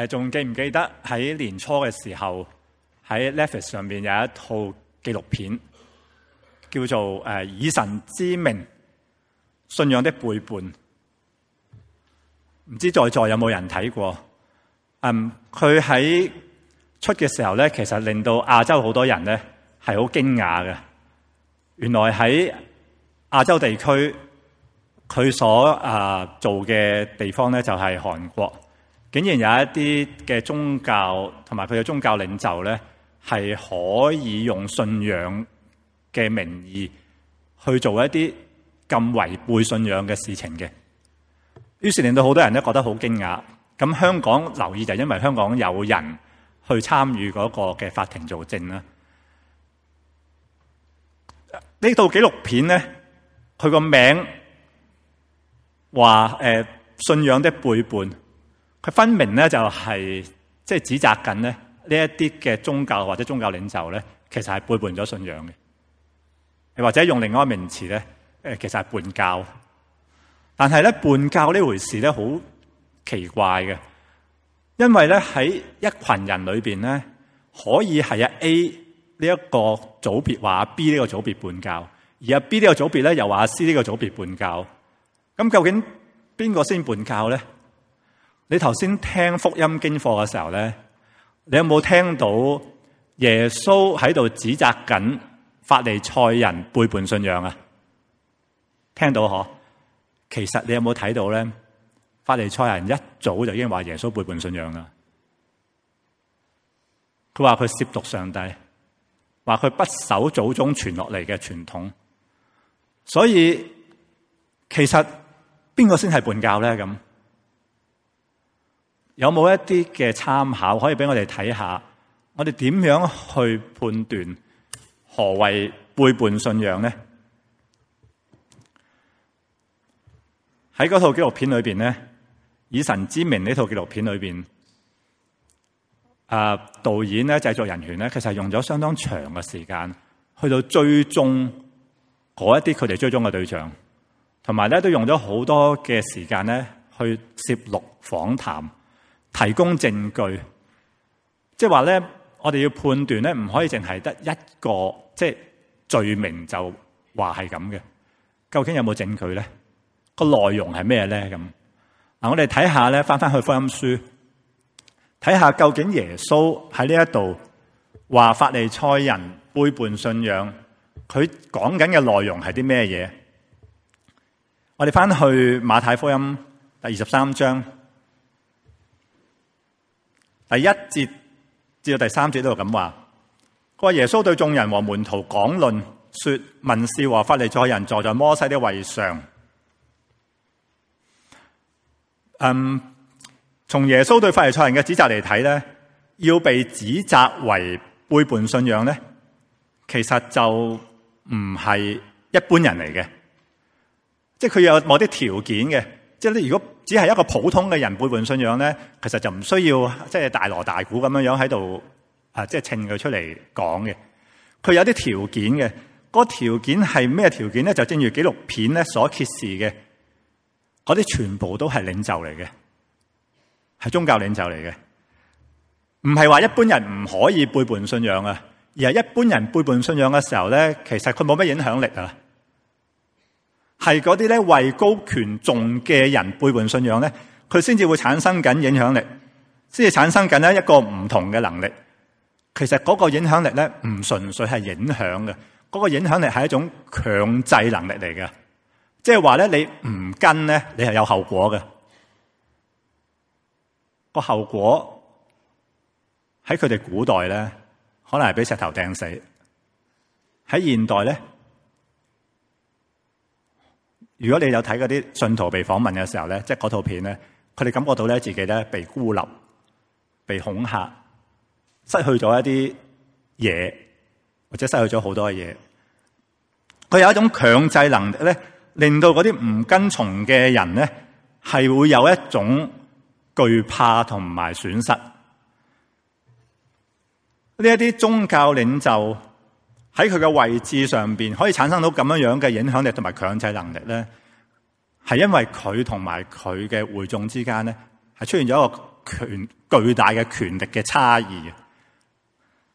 誒，仲記唔記得喺年初嘅時候，喺 Netflix 上面有一套紀錄片，叫做《誒以神之名，信仰的背叛》。唔知在座有冇人睇過？嗯，佢喺出嘅時候咧，其實令到亞洲好多人咧係好驚訝嘅。原來喺亞洲地區，佢所啊做嘅地方咧就係韓國。竟然有一啲嘅宗教同埋佢嘅宗教領袖咧，係可以用信仰嘅名義去做一啲咁違背信仰嘅事情嘅，於是令到好多人都覺得好驚訝。咁香港留意就係因為香港有人去參與嗰個嘅法庭做證啦。呢套紀錄片咧，佢個名話誒，信仰的背叛。佢分明咧就係即係指責緊咧呢一啲嘅宗教或者宗教領袖咧，其實係背叛咗信仰嘅，或者用另外個名詞咧，誒其實係叛教。但係咧叛教呢回事咧好奇怪嘅，因為咧喺一群人裏面咧，可以係啊 A 呢一個組別話 B 呢個組別叛教，而啊 B 呢個組別咧又話 C 呢個組別叛教。咁究竟邊個先叛教咧？你頭先聽福音經課嘅時候咧，你有冇聽到耶穌喺度指責緊法利賽人背叛信仰啊？聽到嗬？其實你有冇睇到咧？法利賽人一早就已經話耶穌背叛信仰啦。佢話佢褻瀆上帝，話佢不守祖宗傳落嚟嘅傳統。所以其實邊個先係叛教咧？咁？有冇一啲嘅參考可以俾我哋睇下？我哋點樣去判斷何謂背叛信仰咧？喺嗰套紀錄片裏邊咧，《以神之名》呢套紀錄片裏邊，啊導演咧、製作人員咧，其實用咗相當長嘅時間去到追蹤嗰一啲佢哋追蹤嘅對象，同埋咧都用咗好多嘅時間咧去攝錄訪談。提供證據，即係話咧，我哋要判斷咧，唔可以淨係得一個即係罪名就話係咁嘅。究竟有冇證據咧？個內容係咩咧？咁啊，我哋睇下咧，翻翻去福音書，睇下究竟耶穌喺呢一度話法利賽人背叛信仰，佢講緊嘅內容係啲咩嘢？我哋翻去馬太福音第二十三章。第一節至到第三節都係咁話，佢話耶穌對眾人和門徒講論說，文士和法利賽人坐在摩西的位上。嗯，從耶穌對法利賽人嘅指責嚟睇咧，要被指責為背叛信仰咧，其實就唔係一般人嚟嘅，即係佢有某啲條件嘅。即係你如果只係一個普通嘅人背叛信仰咧，其實就唔需要，即係大鑼大鼓咁樣樣喺度啊！即係稱佢出嚟講嘅，佢有啲條件嘅。嗰個條件係咩條件咧？就正如紀錄片咧所揭示嘅，嗰啲全部都係領袖嚟嘅，係宗教領袖嚟嘅。唔係話一般人唔可以背叛信仰啊，而係一般人背叛信仰嘅時候咧，其實佢冇咩影響力啊。係嗰啲咧位高權重嘅人背叛信仰咧，佢先至會產生緊影響力，先至產生緊咧一個唔同嘅能力。其實嗰個影響力咧唔純粹係影響嘅，嗰、嗰個影響力係一種強制能力嚟嘅。即係話咧，你唔跟咧，你係有後果嘅。個後果喺佢哋古代咧，可能係俾石頭掟死；喺現代咧。如果你有睇嗰啲信徒被訪問嘅時候咧，即係嗰套片咧，佢哋感覺到咧自己咧被孤立、被恐嚇、失去咗一啲嘢，或者失去咗好多嘢。佢有一種強制能力咧，令到嗰啲唔跟從嘅人咧，係會有一種懼怕同埋損失。呢一啲宗教領袖，喺佢嘅位置上邊，可以產生到咁樣樣嘅影響力同埋強制能力咧，係因為佢同埋佢嘅會眾之間咧，係出現咗一個權巨大嘅權力嘅差異嘅。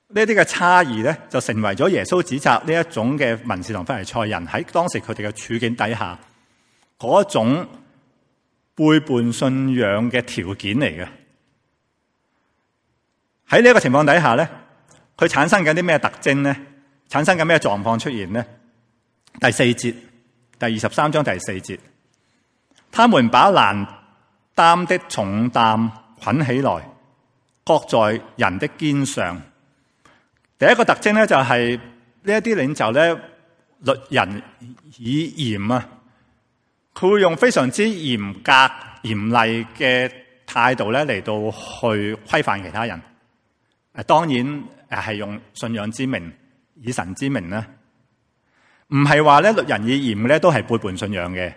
呢一啲嘅差異咧，就成為咗耶穌指責呢一種嘅文士同法利賽人喺當時佢哋嘅處境底下嗰種背叛信仰嘅條件嚟嘅。喺呢一個情況底下咧，佢產生緊啲咩特徵咧？產生緊咩狀況出現咧？第四節第二十三章第四節，他們把難擔的重擔捆起來，擱在人的肩上。第一個特徵咧，就係呢一啲領袖咧，律人以嚴啊，佢會用非常之嚴格嚴厲嘅態度咧嚟到去規範其他人。誒當然誒係用信仰之名。以神之名呢，唔係話咧律人以嚴咧都係背叛信仰嘅，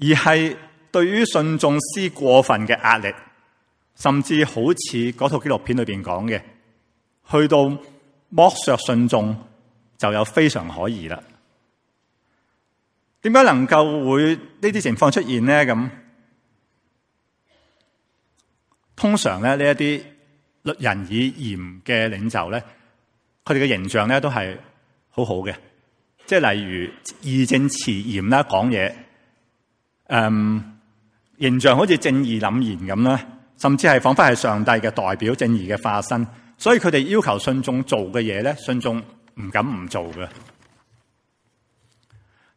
而係對於信眾施過分嘅壓力，甚至好似嗰套紀錄片裏邊講嘅，去到剝削信眾就有非常可疑啦。點解能夠會呢啲情況出現呢？咁通常咧呢一啲律人以嚴嘅領袖咧？佢哋嘅形象咧都係好好嘅，即係例如義正辭嚴啦，講嘢，嗯，形象好似正義凛然咁啦，甚至係仿佛係上帝嘅代表，正義嘅化身。所以佢哋要求信眾做嘅嘢咧，信眾唔敢唔做嘅。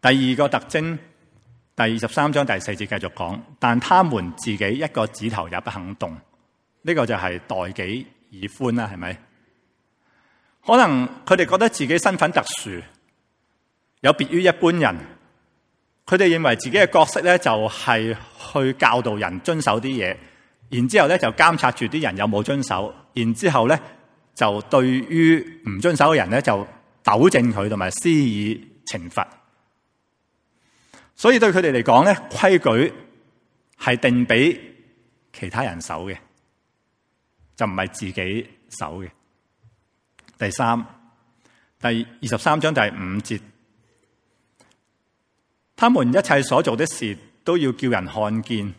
第二個特徵，第二十三章第四節繼續講，但他們自己一個指頭也不肯動，呢個就係待己以寬啦，係咪？可能佢哋覺得自己身份特殊，有別於一般人。佢哋認為自己嘅角色咧，就係去教導人遵守啲嘢，然之後咧就監察住啲人有冇遵守，然之後咧就對於唔遵守嘅人咧就糾正佢同埋施以懲罰。所以對佢哋嚟講咧，規矩係定俾其他人守嘅，就唔係自己守嘅。第三，第二，二十三章第五節，他們一切所做的事都要叫人看見。誒、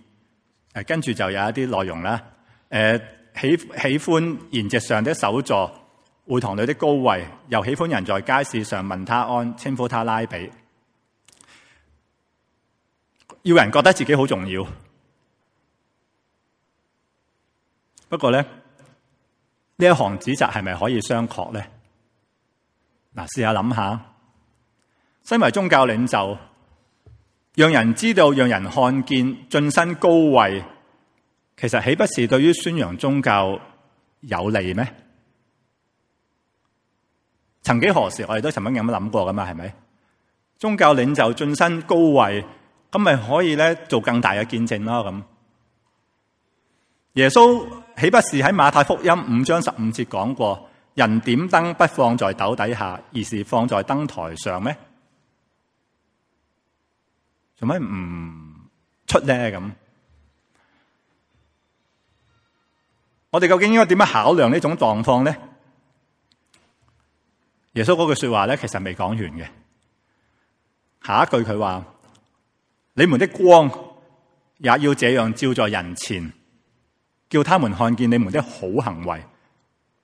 啊，跟住就有一啲內容啦。誒、啊，喜喜歡筵席上的首座、會堂裡的高位，又喜歡人在街市上問他安，稱呼他拉比，要人覺得自己好重要。不過咧。呢一項指責係咪可以商榷咧？嗱，試下諗下，身為宗教領袖，讓人知道、讓人看見，晉身高位，其實豈不是對於宣揚宗教有利咩？曾幾何時，我哋都曾經咁樣諗過噶嘛？係咪？宗教領袖晉身高位，咁咪可以咧做更大嘅見證咯？咁，耶穌。豈不是喺馬太福音五章十五節講過，人點燈不放在斗底下，而是放在燈台上咩？做咩唔出咧？咁我哋究竟應該點樣考量呢種狀況呢？耶穌嗰句說話咧，其實未講完嘅，下一句佢話：你們的光也要這樣照在人前。叫他們看見你們的好行為，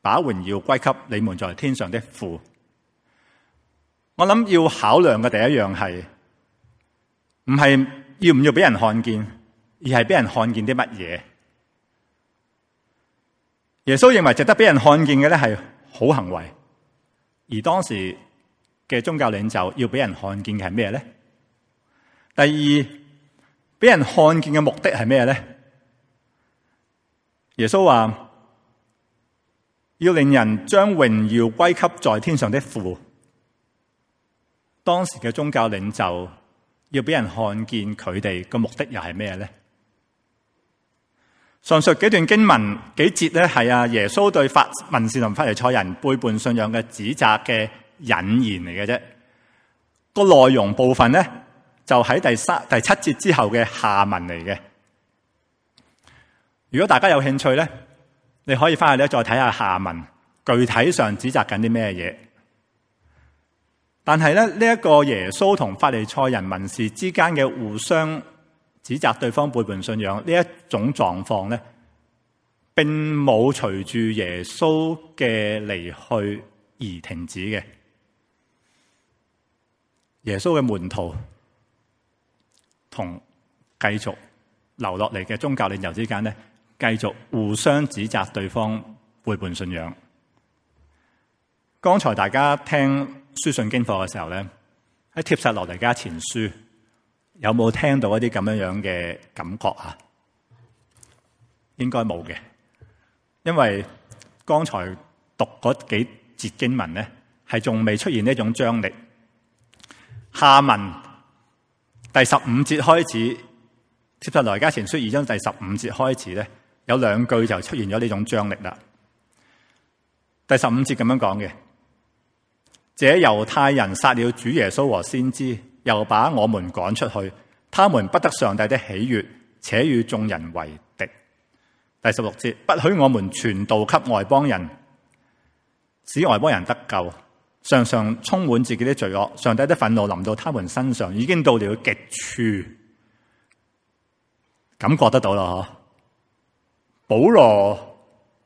把榮耀歸給你們在天上的父。我諗要考量嘅第一樣係，唔係要唔要俾人看見，而係俾人看見啲乜嘢。耶穌認為值得俾人看見嘅咧係好行為，而當時嘅宗教領袖要俾人看見嘅係咩咧？第二，俾人看見嘅目的係咩咧？耶穌話要令人將榮耀歸給在天上的父。當時嘅宗教領袖要俾人看見佢哋嘅目的又係咩咧？上述幾段經文幾節咧係啊耶穌對法文士同法利賽人背叛信仰嘅指責嘅引言嚟嘅啫。個內容部分咧就喺第三第七節之後嘅下文嚟嘅。如果大家有興趣咧，你可以翻去咧再睇下下文，具體上指責緊啲咩嘢。但係咧，呢一個耶穌同法利賽人、文士之間嘅互相指責對方背叛信仰呢一種狀況咧，並冇隨住耶穌嘅離去而停止嘅。耶穌嘅門徒同繼續留落嚟嘅宗教領袖之間咧，繼續互相指責對方背叛信仰。剛才大家聽書信經課嘅時候咧，喺帖撒羅尼迦前書，有冇聽到一啲咁樣樣嘅感覺啊？應該冇嘅，因為剛才讀嗰幾節經文咧，係仲未出現呢種張力。下文第十五節開始，帖撒羅尼迦前書二章第十五節開始咧。有兩句就出現咗呢種張力啦。第十五節咁樣講嘅：這猶太人殺了主耶穌和先知，又把我們趕出去，他們不得上帝的喜悅，且與眾人為敵。第十六節：不許我們傳道給外邦人，使外邦人得救。常常充滿自己的罪惡，上帝的憤怒臨到他們身上，已經到了極處。感覺得到了保羅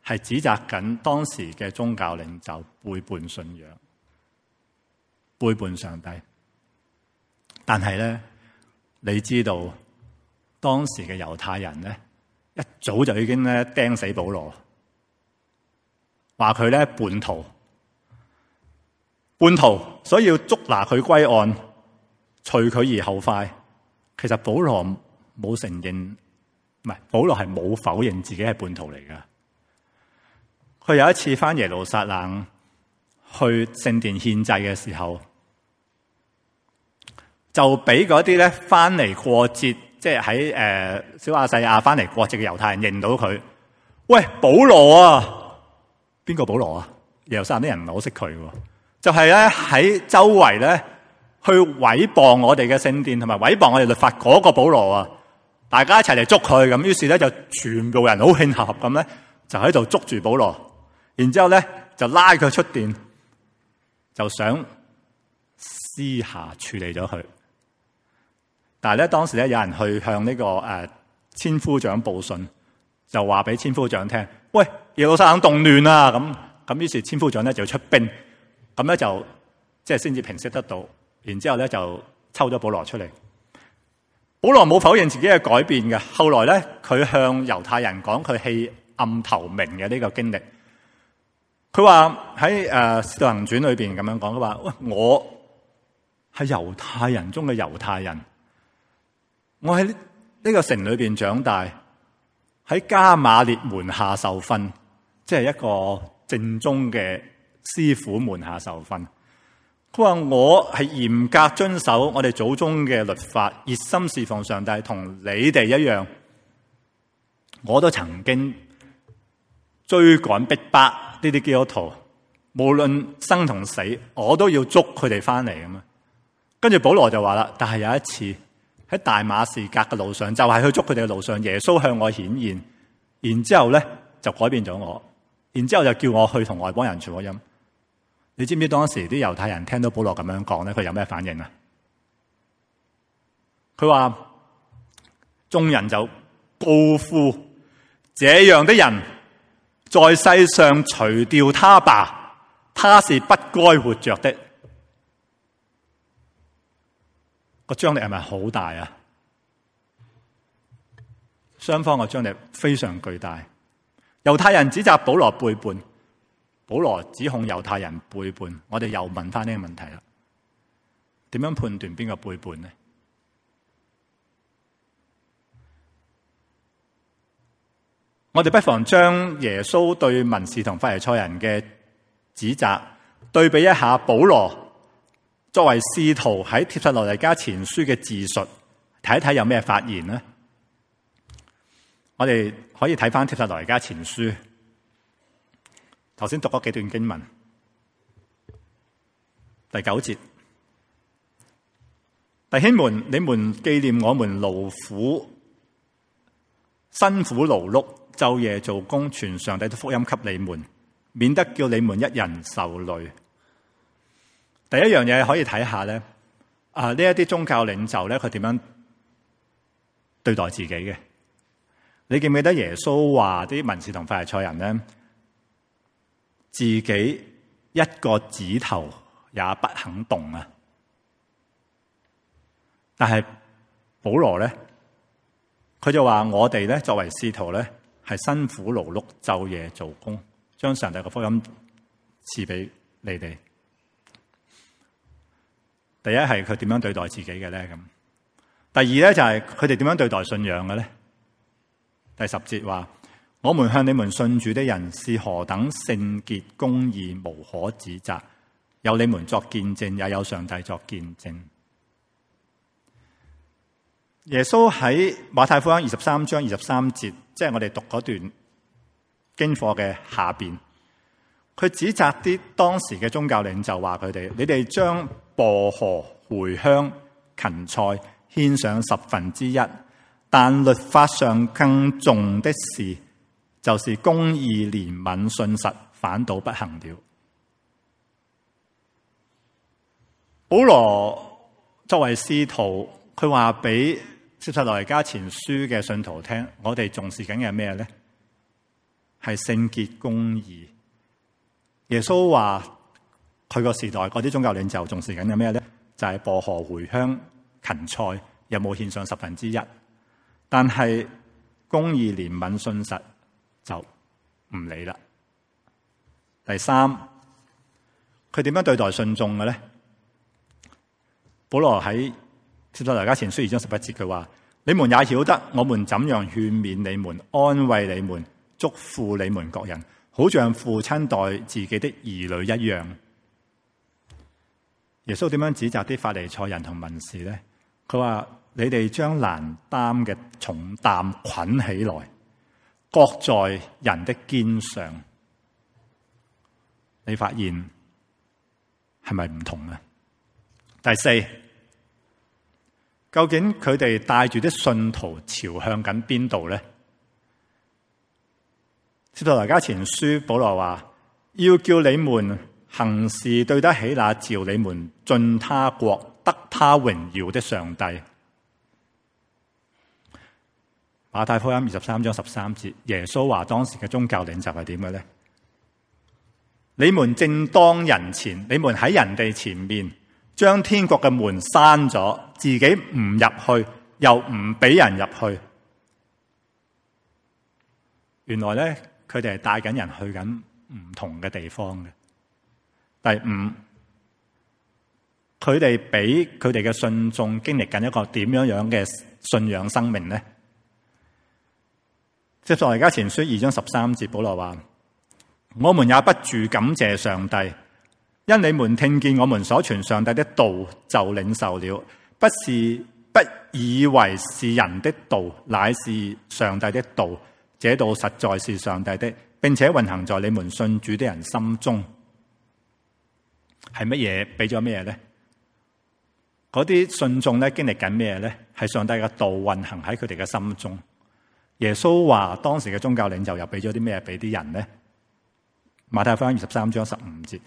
係指責緊當時嘅宗教領袖背叛信仰，背叛上帝，但係咧，你知道當時嘅猶太人咧，一早就已經咧釘死保羅，話佢咧叛徒，叛徒，所以要捉拿佢歸案，除佢而後快。其實保羅冇承認。唔係保羅係冇否認自己係叛徒嚟噶。佢有一次翻耶路撒冷去聖殿獻祭嘅時候就，就俾嗰啲咧，翻嚟過節，即係喺誒小亞細亞翻嚟過節嘅猶太人認到佢。喂，保羅啊，邊個保羅啊？耶路撒冷啲人唔係好識佢㗎！」就係咧喺周圍咧去毀謗我哋嘅聖殿，同埋毀謗我哋律法嗰個保羅啊。大家一齊嚟捉佢，咁於是咧就全部人好慶合合咁咧，就喺度捉住保羅，然之後咧就拉佢出殿就想私下處理咗佢。但係咧當時咧有人去向呢、這個誒、呃、千夫長報信，就話俾千夫長聽，喂，耶路撒冷動亂啊！咁咁於是千夫長咧就出兵，咁咧就即係先至平息得到，然之後咧就抽咗保羅出嚟。保羅冇否認自己嘅改變嘅，後來咧，佢向猶太人講佢棄暗投明嘅呢個經歷。佢話喺誒《使徒行傳》裏邊咁樣講嘅話，喂，我係猶太人中嘅猶太人，我喺呢呢個城裏邊長大，喺加馬列門下受訓，即係一個正宗嘅師傅門下受訓。佢話，我係嚴格遵守我哋祖宗嘅律法，熱心侍奉上帝，同你哋一樣。我都曾經追趕逼迫呢啲基督徒，無論生同死，我都要捉佢哋翻嚟啊嘛！跟住保羅就話啦，但係有一次喺大馬士革嘅路上，就係、是、去捉佢哋嘅路上，耶穌向我顯現，然之後咧就改變咗我，然之後就叫我去同外邦人傳福音。你知唔知當時啲猶太人聽到保羅咁樣講咧，佢有咩反應啊？佢話眾人就高呼，這樣的人在世上除掉他吧，他是不該活着的。個張力係咪好大啊？雙方嘅張力非常巨大，猶太人指責保羅背叛。保羅指控猶太人背叛，我哋又問翻呢個問題啦。點樣判斷邊個背叛呢？我哋不妨將耶穌對文士同法利賽人嘅指責對比一下，保羅作為使徒喺帖撒羅尼加前書嘅自述，睇一睇有咩發言呢？我哋可以睇翻帖撒羅尼加前書。頭先讀咗幾段經文，第九節，弟兄們，你們紀念我們勞苦、辛苦勞碌、晝夜做工，傳上帝的福音給你們，免得叫你們一人受累。第一樣嘢可以睇下咧，啊呢一啲宗教領袖咧，佢點樣對待自己嘅？你記唔記得耶穌話啲文士同法利賽人咧？自己一個指頭也不肯動啊，但是羅呢！但係保羅咧，佢就話：我哋咧作為使徒咧，係辛苦勞碌，晝夜做工，將上帝嘅福音賜俾你哋。第一係佢點樣對待自己嘅咧咁，第二咧就係佢哋點樣對待信仰嘅咧。第十節話。我們向你們信主的人是何等聖潔、公義，無可指責。有你們作見證，也有上帝作見證。耶穌喺馬太福音二十三章二十三節，即係我哋讀嗰段經課嘅下邊，佢指責啲當時嘅宗教領袖，話佢哋，你哋將薄荷、茴香、芹菜獻上十分之一，但律法上更重的是。就是公義、憐憫、信實，反倒不行了。保羅作為使徒，佢話俾《帖撒羅尼迦前書》嘅信徒聽，我哋重視緊嘅咩咧？係聖潔、公義。耶穌話佢個時代嗰啲宗教領袖重視緊嘅咩咧？就係、是、薄荷、茴香、芹菜，有冇獻上十分之一？但係公義、憐憫、信實。就唔理啦。第三，佢點樣對待信眾嘅咧？保羅喺帖撒羅尼迦前書二章十一節，佢話：你們也曉得，我們怎樣勸勉你們、安慰你們、祝福你們各人，好像父親待自己的兒女一樣。耶穌點樣指責啲法利賽人同文士咧？佢話：你哋將難擔嘅重擔捆起來。擱在人的肩上，你發現係咪唔同啊？第四，究竟佢哋帶住啲信徒朝向緊邊度呢？帖撒羅尼迦前書保羅話：要叫你們行事對得起那召你們進他國、得他榮耀的上帝。馬太福音二十三章十三節，耶穌話：當時嘅宗教領袖係點嘅咧？你們正當人前，你們喺人哋前面將天國嘅門閂咗，自己唔入去，又唔俾人入去。原來咧，佢哋係帶緊人去緊唔同嘅地方嘅。第五，佢哋俾佢哋嘅信眾經歷緊一個點樣樣嘅信仰生命咧？即作為而家前書二章十三節，保羅話：「我們也不住感謝上帝，因你們聽見我們所傳上帝的道就領受了，不是不以為是人的道，乃是上帝的道。這道實在是上帝的，並且運行在你們信主的人心中。係乜嘢？俾咗咩嘢咧？嗰啲信眾咧經歷緊咩嘢咧？係上帝嘅道運行喺佢哋嘅心中。耶穌話：當時嘅宗教領袖又俾咗啲咩俾啲人呢？馬太福音二十三章十五節：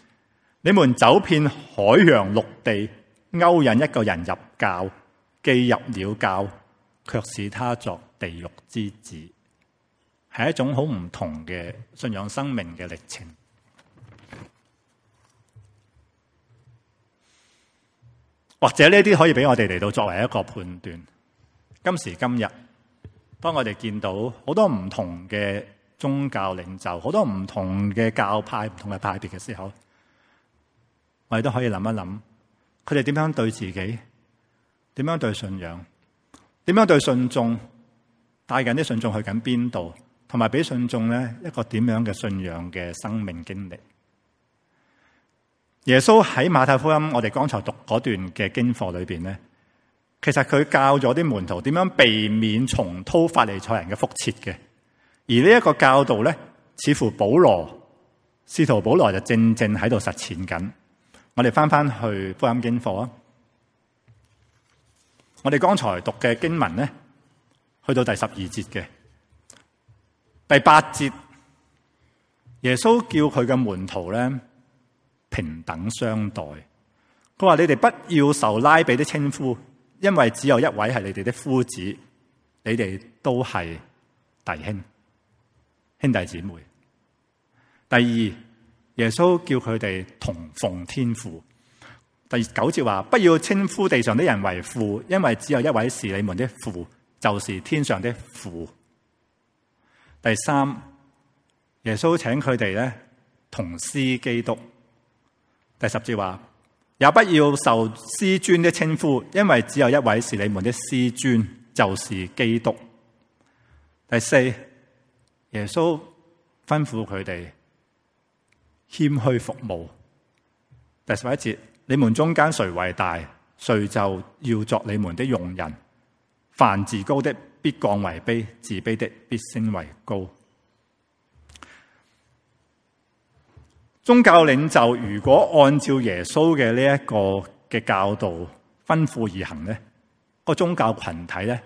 你們走遍海洋陸地，勾引一個人入教，既入了教，卻使他作地獄之子，係一種好唔同嘅信仰生命嘅歷程。或者呢啲可以俾我哋嚟到作為一個判斷。今時今日。當我哋見到好多唔同嘅宗教領袖，好多唔同嘅教派、唔同嘅派別嘅時候，我哋都可以諗一諗，佢哋點樣對自己，點樣對信仰，點樣對信眾，帶緊啲信眾去緊邊度，同埋俾信眾咧一個點樣嘅信仰嘅生命經歷。耶穌喺馬太福音，我哋剛才讀嗰段嘅經課裏邊咧。其實佢教咗啲門徒點樣避免重蹈法利賽人嘅覆轍嘅，而呢一個教導咧，似乎保羅、使徒保羅就正正喺度實踐緊。我哋返返去福音經課啊！我哋剛才讀嘅經文咧，去到第十二節嘅第八節，耶穌叫佢嘅門徒咧平等相待。佢話：你哋不要受拉比的稱呼。因為只有一位係你哋的夫子，你哋都係弟兄兄弟姊妹。第二，耶穌叫佢哋同奉天父。第九節話，不要稱呼地上的人為父，因為只有一位是你們的父，就是天上的父。第三，耶穌請佢哋咧同師基督。第十節話。也不要受師尊的稱呼，因為只有一位是你們的師尊，就是基督。第四，耶穌吩咐佢哋謙虛服務。第十一節：「你們中間誰為大，誰就要作你們的用人。凡自高的必降為卑，自卑的必升為高。宗教領袖如果按照耶穌嘅呢一個嘅教導，吩咐而行咧，個宗教群體咧，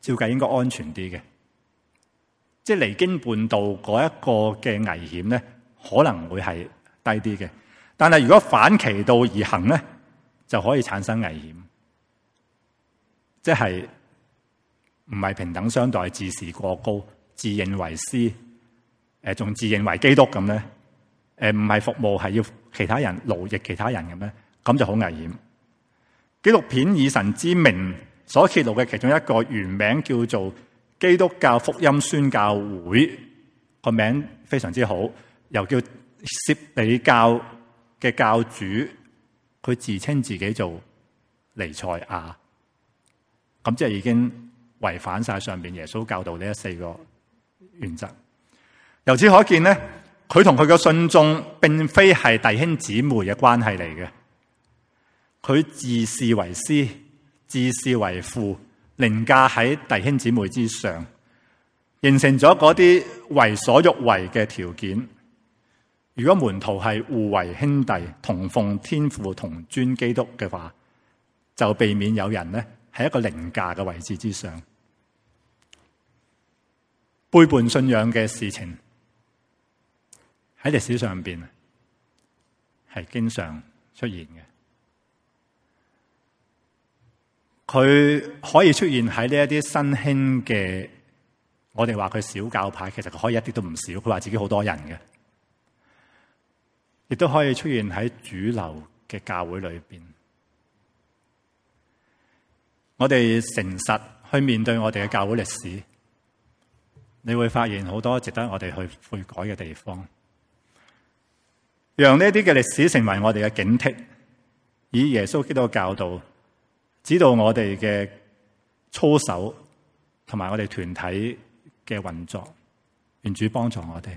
照計應該安全啲嘅。即係離經叛道嗰一個嘅危險咧，可能會係低啲嘅。但係如果反其道而行咧，就可以產生危險。即係唔係平等相待，自視過高，自認為師，誒仲自認為基督咁咧。誒，唔係服務，係要其他人勞役其他人嘅咩？咁就好危險。紀錄片以神之名所揭露嘅其中一個原名叫做基督教福音宣教會，個名非常之好，又叫涉比教嘅教主，佢自稱自己做尼賽亞，咁即係已經違反晒上邊耶穌教導呢一四個原則。由此可見咧，佢同佢嘅信眾並非係弟兄姊妹嘅關係嚟嘅，佢自視為師，自視為父，凌駕喺弟兄姊妹之上，形成咗嗰啲為所欲為嘅條件。如果門徒係互為兄弟，同奉天父同尊基督嘅話，就避免有人呢喺一個凌駕嘅位置之上，背叛信仰嘅事情。喺歷史上邊，係經常出現嘅。佢可以出現喺呢一啲新興嘅，我哋話佢小教派，其實佢可以一啲都唔少。佢話自己好多人嘅，亦都可以出現喺主流嘅教會裏邊。我哋誠實去面對我哋嘅教會歷史，你會發現好多值得我哋去悔改嘅地方。讓呢啲嘅歷史成為我哋嘅警惕，以耶穌基督教導指導我哋嘅操守，同埋我哋團體嘅運作，願主幫助我哋。